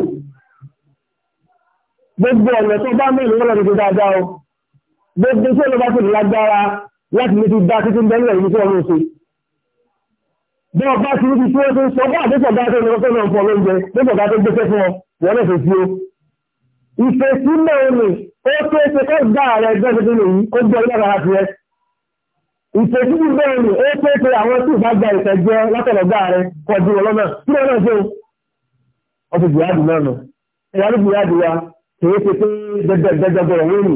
gbogbo ọ̀nà tó bá mú ìlúwọ́n lọ́dún tó dáadáa o gbogbo tí olóba tó lágbára láti lè fi dá títí bẹ́ẹ̀ ní ìfẹ́ ọmọ òṣè bí wọ́n bá ti rí tí wọ́n tó sọ bá àdéṣọ̀ bá tó lọ́kọ́ náà fọ́ lóúnjẹ lóṣọ̀ bá tó gbé fẹ́ fún ọ wọ́n lè fi o ìfẹ́ sí mẹ́rin ni ó tó ṣe kọ́ gbá ààrẹ ẹgbẹ́ tuntun nìyí ó jẹ́ lára ti rẹ ìfẹ́ sí mẹ́rin ni ó tó ṣe àwọn tí ìbá gba ìfẹ́ jẹ́ látọ̀lọ́ gbá ààrẹ kọjú ọlọ́nà kí wọ́n náà ṣe ọtí jìyàdì náà nù ìyàlú jìyàdì kìí ṣe pé dẹ́gbẹ̀dẹ́gbẹ̀ ẹ̀wọ̀n ni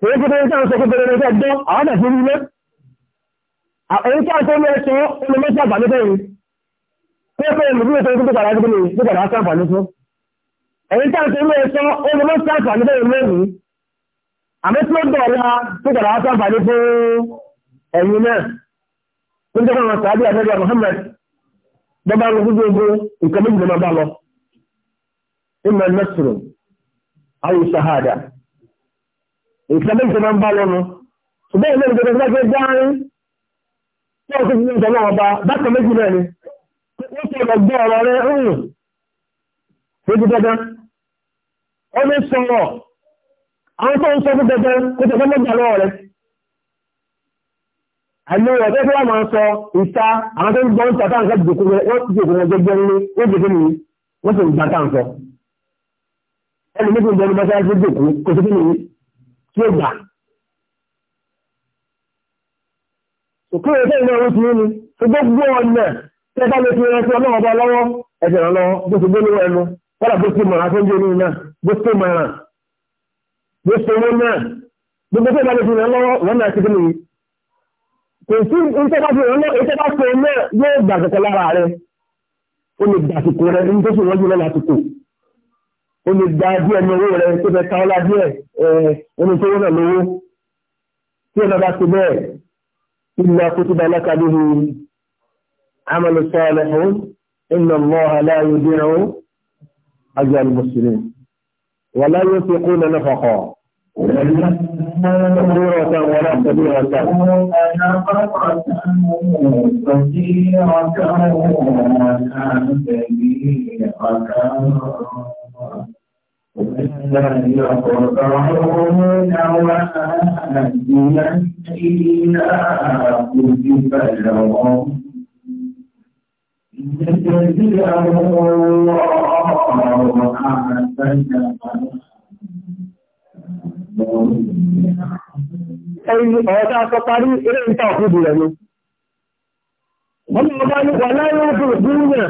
kìí ṣe pé ní sáà sọ pé bẹ̀rẹ̀ ẹ̀ṣẹ́ gbọ́n àwọn ẹ̀ṣẹ́ ní ilé èyí tí a tó ní ẹ̀ṣọ́ olùmọ́sí àgbàlẹ́ bẹ́ẹ̀ ni pé olùdíje tó ń tó kàrà nígbà tó kàrà sí àǹfààní fún èyí tí a tó ní ẹ̀ṣọ́ olùmọ́sí àǹfààní bẹ́ẹ̀ lónìí àmì tí ó tó kàrà sí ẹ̀yìn náà tó jẹ́ kọ́ àwọn sàádìí àtẹ́gbẹ̀ Muhammad bọ́bá ń lọ sí gbogbo ìmọ̀ nẹ́sùrù ayé ṣahada ìfẹ́lẹ́ ìjọba ń bá lọ́nu ṣùgbọ́n ilé ìjọba ìjọba gbé dáárín tí ó fi ìjọba ọba bákan méjì náà ni ó fi ọ̀nà gbé ọ̀rọ̀ rẹ̀ ń rùn lójú dandan ó ní sọ̀rọ̀ àwọn tó ń sọ fún dandan kó tẹ̀sán mọ́jà lọ́wọ́ rẹ̀ àmì ọ̀dọ́ tó wà máa ń sọ ìta àwọn tó ń gbọ́ ń ta táǹkà jòkó wọn jẹ́gbẹ́ ní ó jẹ́gbẹ́ ní wọ́n sì ń gba táǹkà ẹni níbi ìjọba bá sáré jòkó kò sí kí nìyí tí ó gbà. òkú rẹ̀ sẹ́yìn náà ó ti rí ni gbogbo ọ̀nà tẹ́ bá lè fi ẹran sí ọlọ́wọ́ bá lọ́wọ́ ẹ̀sẹ̀ rán lọ́wọ́ bó ti gbólówó ẹnu kọ́lá bó ti mọ̀ràn fún jóni náà bó ti mọ̀ràn bó ti owó náà gbogbo tẹ́ bá lè fi ràn lọ́wọ́ wọn náà ti fi nìyí. kò sí iṣẹ́ bá fi ràn lọ́wọ́ iṣẹ́ bá fi ràn náà yóò gbà kẹ̀kẹ́ lára rẹ̀ ó lè gbà àsìkò rẹ̀ ní tó sì rọ́jú lọ́la àsìkò ó lè gba díẹ̀ ní owó rẹ̀ tó fẹ́ ta ọ́lá díẹ̀ ẹni tó wọ́nà lówó tí ẹ̀ bá ti bẹ́ẹ̀ ilẹ̀ kútùbà lákàdé ni amọ̀lẹ́sọ ọlẹ́hún iná mọ́ aláyọ̀ dínà ó àjọ àlùmọ̀sílẹ̀ wà láyé fi kú lẹ́nu kọ̀kọ̀. Thank you. إِنَّنِي أَطْرَعُهُمْ نَوَاهِيًا إِلَىٰ كُتِبَ لَهُمْ لِيَجْزِيَهُمُ اللَّهُ أَحْسَنَ Ẹni ọ̀dá sọ parí eré ìta òkúdù rẹ̀ ni. Wọ́n mọ̀ bá ní wọ̀lá yóò fún ìdúnyà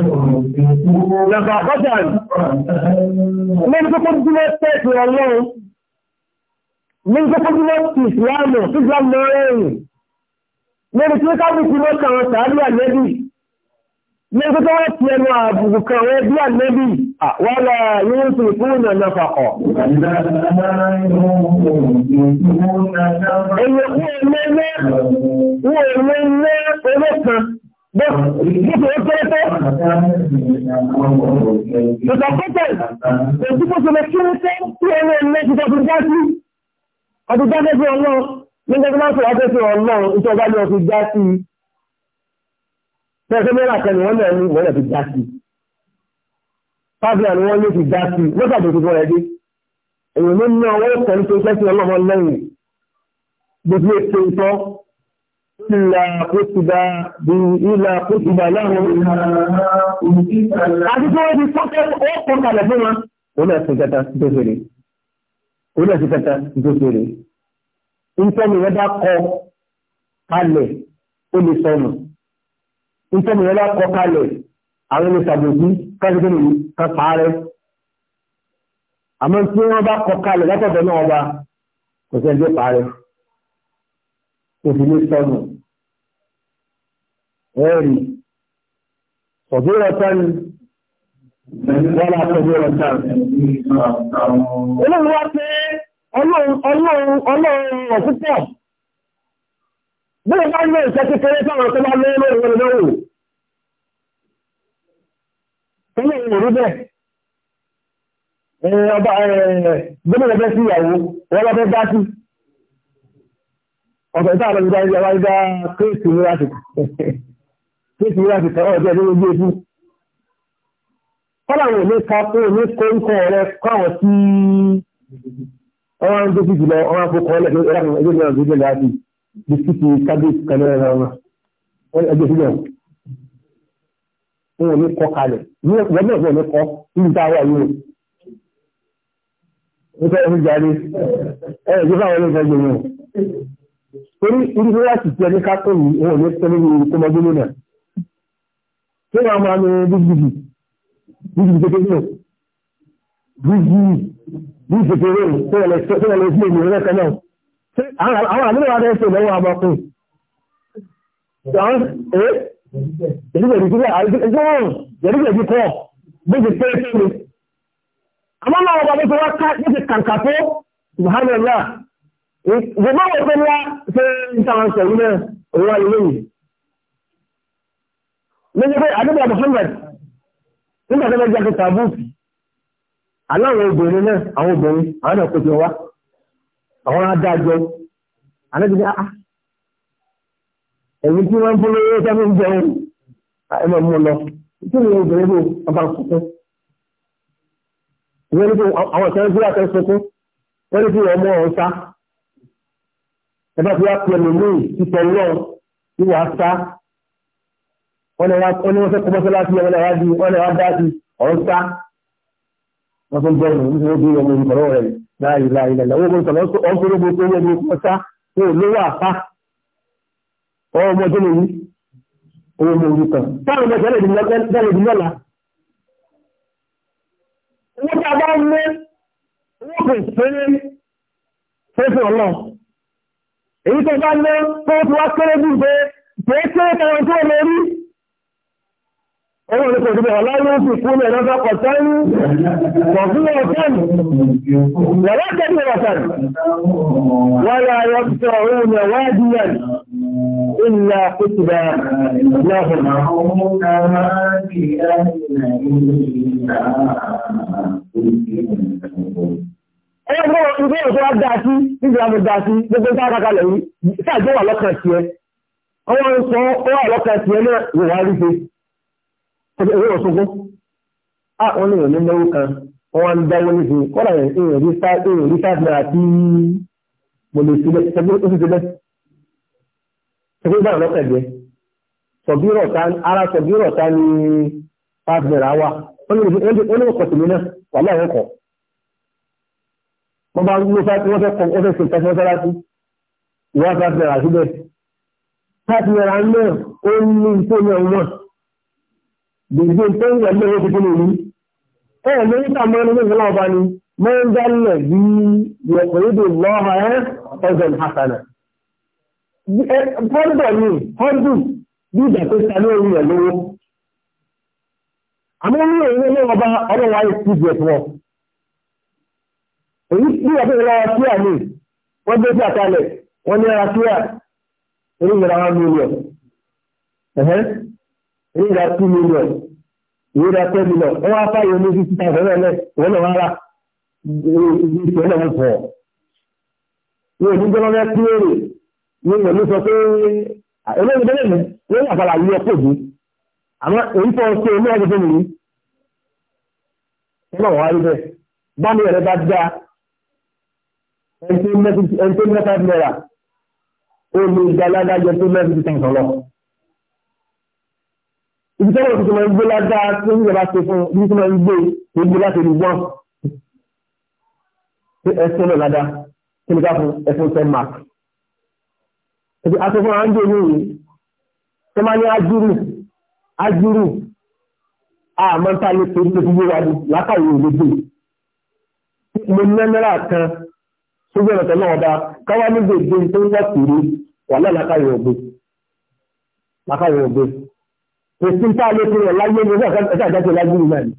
lọ́gbà àkọ́jà rí. Mẹ́rin tó kún jùlọ tẹ́ẹ̀tì ọlọ́run, mẹ́rin tó kún jùlọ ti ìsìláàmù tó jọ mọ́ ẹ̀rìn. Mẹ́rin tí ó kábùkù ló kàn án sàárì àlẹ́bì. Mẹ́rin tó tó wọ́n ti ẹnu àbùkù kan rẹ̀ bí àlẹ́bì. Wọ́n lọ yóò fún ìfúnnà nàfàkọ̀. Èyàn kú ẹ̀mẹ́ ẹ̀mẹ́ Bẹ́ẹ̀ kéré tó, ìtàkùtẹ̀ èyí bó ṣe lè kéré tẹ́ tí ẹ̀rọ ilẹ̀ ti tọ́ fi já sí. Ọdún já fẹ́ sí ọlọ́run, ní gbogbo máa ń sọ̀rọ̀ Gbogbo ètò ìtọ́ إلا كتب إلا كتب لهم àti tí wọ́n ti sọ́kẹ́ ó kọ́ kalẹ̀ fún wọn ó lọ sí kẹta tó fèrè ó lọ sí kẹta tó fèrè ìtọ́nù yẹn bá kọ kalẹ̀ ó lè sọnù ìtọ́nù yẹn bá kọ kalẹ̀ àwọn ẹni sàbòkú káṣíkẹ́ nìyí kan pààrẹ àmọ́ tí wọ́n bá kọ kalẹ̀ látọ̀dọ̀ náà ọba kò sẹ́ni tó pààrẹ òfin ló sọnù ẹ̀rì ọ̀dọ́rọ̀tán wọ́n àtọ́dọ́rọ̀tán. Olóòrùn wá pé ọlọ́run ọ̀púpọ̀. Bọ́lá bá ń lọ ìṣẹ́ kékeré sáwọn tó bá lọ́wọ́ lọ́wọ́ lọ́wọ́. Olóòrùn rí bẹ́ẹ̀. Ọba gómìnà bẹ́ sí ìyàwó, wọ́n lọ́fẹ́ dá sí. Ọ̀sẹ̀ ìta àlọ́ ìgbà ìgbà ìgbà kéèkì ní lásìkò ní ti wíwá ti tọ̀rọ̀ ọjọ́ ní ojú ebu kọ́lá wọn ní ká fún ní kóńkọ́ rẹ káwọn sí ọwọ́n tó fi jùlọ ọwọ́n àpò kọ́ lẹ́nu ẹ̀rọ àwọn ẹgbẹ́ mìíràn tó jẹ́ láti bisikíìtì kábíyèsí kan lẹ́nu ẹ̀rọ wọn ẹgbẹ́ sílẹ̀ wọn ní kọ́ kalẹ̀ ní ọgbọ́n náà wọn ní kọ́ ní ìta wà yìí o nípa ẹni jáde ẹ ẹ̀jẹ̀ fáwọn ẹni ìfẹ́ gbẹ̀yìn o torí irú wíwá sì ti ẹni ká tó yìí wọn ò ní tẹ́lẹ̀ ní ìkọ́mọdé lónìí tí wọ́n máa ní bíjìbì bíjìbì kékeré bíjìbì bíjìbì kékeré tí wọ́n lè sí èmi rẹ̀ kan náà àwọn àmì ìwà rẹ̀ ṣe lọ́wọ́ àbọ̀kùn ìjọ́rùn-ún kọ́ bíjì kékeré àmọ́ náà wọ́n bá bí wọ́n ká bíjì kàǹkà tó subhanallah ìgbìmọ̀ wọ́n tó ní wá ṣe ń tàwọn sẹ̀yìn náà òun wá lóyìn lójú pé adébíyà Muhammad nígbà tó lọ́jọ́ pé tàbúùtì aláwọ̀ obìnrin náà àwọn obìnrin àwọn náà kójọ wá àwọn adájọ́ alájọ́ ah, ah. ẹ̀yìn tí wọ́n ń fún lórí ẹjọ́ ń jẹun ah, ẹ máa mú lọ tí ni obìnrin bò ọba sọkún ìwé ní kí àwọn ìṣẹ́ ìṣẹ́ àti sọkún wọ́n ní kí wọ́n mú ọ̀hún sá ẹ bá fi wá pẹ̀lú mí ìtọ̀ lọ́ọ̀ tí wàá sá wọ́n lè wọ́n fẹ́ kọ́ mọ́sálásí ọmọ náà wájú wọ́n lè wá dá sí ọ̀rọ̀ sá wọ́n tó ń bọ̀ ní ìṣòro bí ọmọ ìkọ̀rọ̀ rẹ̀ láàyè láàyè lẹ́la owó ìkọ̀rọ̀ ọ̀n tó lóbo tó wọ́n mọ́ sá tó lówó àpá ọmọ ọmọ tó lè yí owó mọ orí kan táwọn ọmọ ìṣẹ̀lẹ̀ ìdí lọ́la. wọ́n ti àbá mú owó kò fẹ́rẹ́ fẹ́fẹ́ ọlọ́ èyí tó bá ní tó ti wá kéré bí pé kéré kéré kan tó lè rí ẹ̀rọ ní kòtò ọ̀láyé sì kú ní ẹ̀rọ kọ̀tán kọ̀fún ọ̀tán wọ̀lá kẹ́kẹ́ ọ̀tán wọ́lá yọ́pítọ̀ ọ̀rọ̀ ní wádìyàn ìlà kòtùbà lọ́hùn Ẹgbẹ́ ìgbé ìṣẹ́ wá dáa sí, nígbà mú dáa sí, gbogbo ń tàbí kalẹ̀ yìí, sáà jẹ́ wà lọ́kàn sí ẹ. Ọwọ́ ń sọ, ó wà lọ́kàn sí ẹ náà, wò wá rí ṣe owó ọ̀ṣogún á wọ́n lè ní lọ́wọ́ kan wọ́n wá ń dáwó níbi kọ́lá èèyàn rí sáàtì náà tí mo lè sílẹ̀ ṣẹ́gbẹ́ ó sì ti bẹ́ẹ̀ ṣẹ́gbẹ́ báyìí lọ́kàn jẹ́ ara sọ̀bírọ̀ ta ni five naira wà wọ́n lè kọ̀ tèmi náà wà láwọn kọ̀ wọ́n bá ń lo five wọ́n fẹ́ kọ́ wọ́n fẹ́ ṣe ìtàkùn mọ́sálásí ìwà five naira síbẹ̀ five naira náà ó ní ìtòmọ̀ wọn gbogbo tó ń wọlé owó tuntun nìyí ẹ̀rọ lórí tàbí ọmọ ẹgbẹ́ ìlú ọba ni máa ń dálẹ̀ bí yẹ̀kọ̀yédè lọ́ha ẹ́ ọ̀zọ̀n hasana pọ́ńdọ̀ ni pọ́ńdù bí ìgbà tó ta lórí rẹ̀ lówó àmọ́ ní òun ní ọba ọmọ wa yìí ti fún ọ èyí tí wọ́n fi sí àmì wọ́n gbé sí àtàlẹ̀ wọ́n ní ara sí à ríra two million ríra ten million wọ́n á fáyọ ní fifty thousand ẹ̀rẹ́ wọ́n lọ rárá ìgbésẹ̀ náà ń fọ̀. Ìwé ìdíjọ́ lọ́wọ́ ẹ kí èrè ní ìwé ló sọ pé eléyìí bẹ́ẹ̀ ni wọ́n yà fara yíyọ pò bí. Àmọ́ èyí tó ń ṣe ní ọdún tó nìyí. Wọ́n náà wá rí bẹ́ẹ̀. Bámi ẹ̀rẹ́ bá dá ẹni tó mẹ́ta náírà ó lè gba aládájọ tó mẹ́ta tó tẹ̀ sọ́lọ́ ibi tẹ́lẹ̀ tuntun máa ń gbé ládàá tí ó ń yọba ṣe fún ibi tí máa ń gbé tó gbé láti rí wọ́n tí ẹsẹ̀ lọ ládàá kí ni ká fún ẹfún ten mark. Ebi asọ́fún àwọn àjò yìí tó máa ní ajúrù ajúrù àmọ́ ta lè torí tó fi yé wa ní látàrí òwe dé. Mo ní náírà kan sójú ọ̀nà tẹ̀lé ọ̀dà káwá ní gbèdé ń wọ̀ kiri wà láì látàrí òwe òsì tá a lè fi rẹ̀ láyé ní ẹ̀ka àjájọ láyé ní náà ni.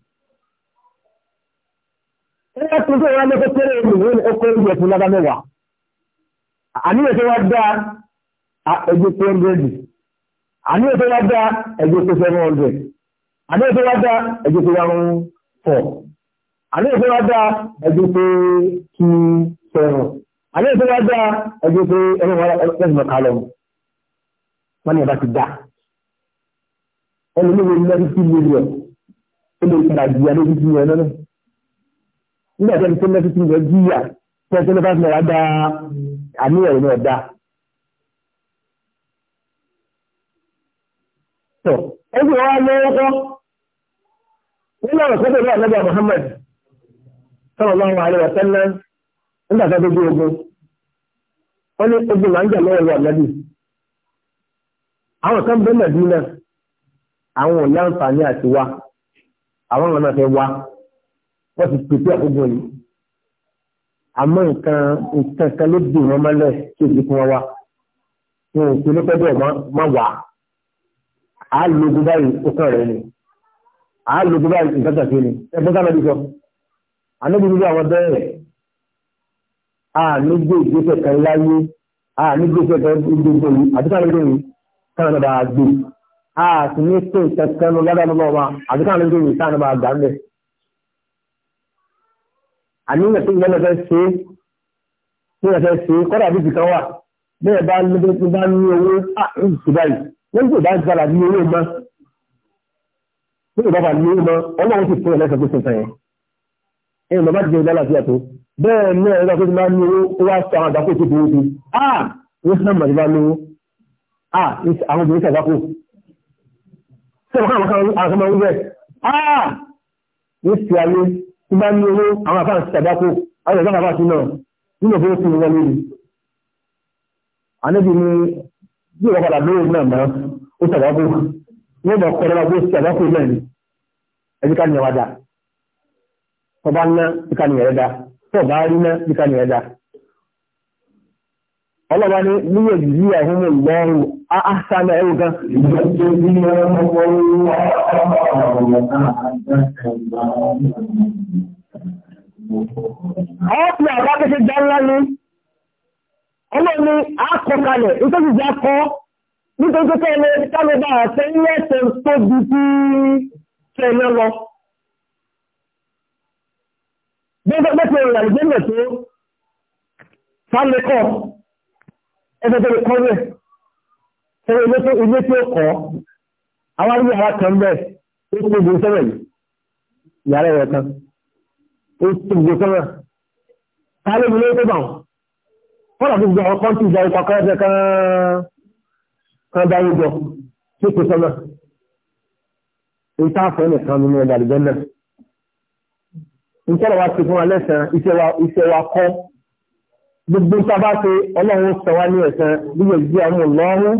ẹ̀ka tó tó wọ́n lọ́kọ́ kéré ènìyàn ọkọ̀ oúnjẹ fún lábá mẹ́wàá. àníyàn tó wá dá ẹgbẹ́ tó ń bẹ́ẹ̀dì. àníyàn tó wá dá ẹgbẹ́ tó fẹ́ wọ́n bẹ̀. àníyàn tó wá dá ẹgbẹ́ tó wá ń fọ̀. àníyàn tó wá dá ẹgbẹ́ tó kí fẹ́ràn. àníyàn tó wá dá ẹgbẹ́ tó ẹgbẹ́ wọn lọ́sìn mọ̀ká lọ. wọ́n ní ẹ̀ bá ti dá ẹni ló wọ lẹ́rí sí mílíọ̀n ó lè padà jìyà lórí sí yẹn lọ́nà nígbà tó ń tó lẹ́rí sí yẹn jìyà tó ń tó lẹ́rí sí yẹn dá àníyàn náà dá. tọ́ ẹ sì wá lọ́wọ́ kọ́ nínú ọ̀rọ̀ sọ́dọ̀ náà lọ́gbà Muhammad sọ̀rọ̀ lọ́wọ́ àlẹ́ wọ̀tẹ́lẹ́ nígbà tó dójú ogun wọ́n ní ogun là ń jà lọ́wọ́ lọ́wọ́ lẹ́bí àwọn kan bẹ́ẹ̀ mẹ́dínà àwọn ò láǹfààní àti wá àwọn ọ̀nà fẹ́ wá wọ́n ti pèpè àkókò yìí àmọ́ nǹkan nǹkan kan ló dì wọ́n mọ́lẹ̀ tí òbí fún wọn wá wọn ò pinnu pẹ́ bẹ́ẹ̀ má wà á lógun báyìí ó kàn rẹ̀ ni á lógun báyìí nǹkan kan sí ni ẹgbẹ́ sábà bí sọ ànábi níbi àwọn bẹ́ẹ̀ a ní gbé ìgbésẹ̀ kan láyé a ní gbé ìgbésẹ̀ kan gbogbo yìí àti sábà bí sọ yìí káwọn náà bá gbé a sì ní pé ìtẹ̀kẹ́ ló lọ́dọ̀ lọ́wọ́ wa àti káàlù ìdí ìta ni máa gbà ń bẹ̀. àníyàn tí ìyẹn fẹ́ ṣe é tí ìyẹn fẹ́ ṣe é kọ́dà bí ìkan wà bẹ́ẹ̀ bá ní bí bá ní owó à ń sì báyìí wọ́n sì bá ń gbàlà ní owó mọ́ ní ìbáfà ní owó ti jẹ́ ìdálàfíà tó ah wọ́n sì náà mọ̀ Tẹ́lẹ̀ fún àwọn akọmọ oúnjẹ. Ah! Ní ti ayé, tí bá ní owó àwọn afáà ti tàbákò, àwọn ìjọba àfáà ti náà, nínú òfin ti wọlé rí. Àníbi ni bí ìwọ padà lóòrùn náà mọ́, ó tàbákò. Ní ìmọ̀ yìí àwọn ọmọ ìlọrin àṣàlẹ̀ ẹ̀rù gan. Ọ́pù àbákẹ́ṣe já ńlá ní, ọlọ́ni àkọkalẹ̀, ìtọ́sì já kọ́, nítorí tó kẹ́lẹ̀ kálọ́bà àṣẹ ilẹ̀-ẹ̀sẹ̀ tó bí tí kẹ́lẹ̀ lọ. Bẹ́ẹ̀ ṣe ilé tó ilé tó kọ́ àwọn arúgbó àwọn kan bẹ́ẹ̀ ó tún gbogbo sọ́rọ̀ yìí yàrá ẹ̀rọ kan ó tún gbogbo sọ́rọ̀ ta ló ní ilé tó bà wọ́n wọ́n làbí gbogbo àwọn kọ́ńtì ìjà ikọ̀ kan ẹ̀fẹ̀ kan kan dá yín jọ tó kó sọ́rọ̀ ìta àfọ̀ nìkan nínú ẹ̀dà àdìjọ́ náà ìtọ́rọ̀ wa ti fún wa lẹ́sàn-án iṣẹ́ wa kọ́ gbogbo sábà ṣe ọlọ́run sọ wá ní ẹ̀sán bí yóò gbé àwọn ọlọ́run